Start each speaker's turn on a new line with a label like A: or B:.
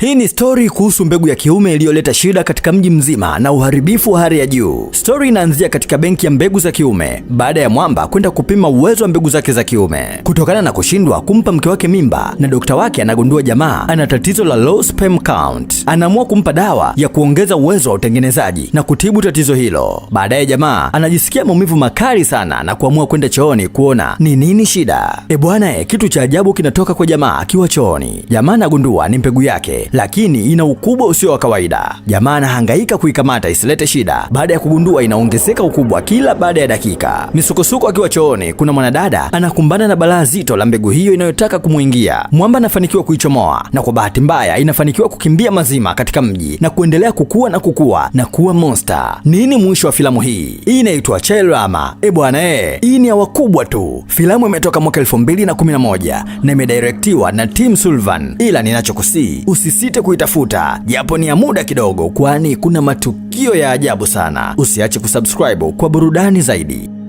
A: Hii ni stori kuhusu mbegu ya kiume iliyoleta shida katika mji mzima na uharibifu wa hali ya juu. Stori inaanzia katika benki ya mbegu za kiume baada ya Mwamba kwenda kupima uwezo wa mbegu zake za kiume. Kutokana na kushindwa kumpa mke wake mimba na dokta wake anagundua jamaa ana tatizo la low sperm count. Anaamua kumpa dawa ya kuongeza uwezo wa utengenezaji na kutibu tatizo hilo. Baadaye jamaa anajisikia maumivu makali sana na kuamua kwenda chooni kuona ni nini shida. E bwana, kitu cha ajabu kinatoka kwa jamaa akiwa chooni. Jamaa anagundua ni mbegu yake lakini ina ukubwa usio wa kawaida. Jamaa anahangaika kuikamata isilete shida, baada ya kugundua inaongezeka ukubwa kila baada ya dakika. Misukosuko akiwa chooni, kuna mwanadada anakumbana na balaa zito la mbegu hiyo inayotaka kumuingia. Mwamba anafanikiwa kuichomoa, na kwa bahati mbaya inafanikiwa kukimbia mazima katika mji na kuendelea kukua na kukua na kuwa monster. Nini mwisho wa filamu hii? Hii inaitwa Chellrama. Eh bwana eh, hii ni ya wakubwa tu. Filamu imetoka mwaka 2011 na imedirectiwa na Tim Sullivan, ila ninachokusii usisite kuitafuta japo ni ya muda kidogo, kwani kuna matukio ya ajabu sana. Usiache kusubscribe kwa burudani zaidi.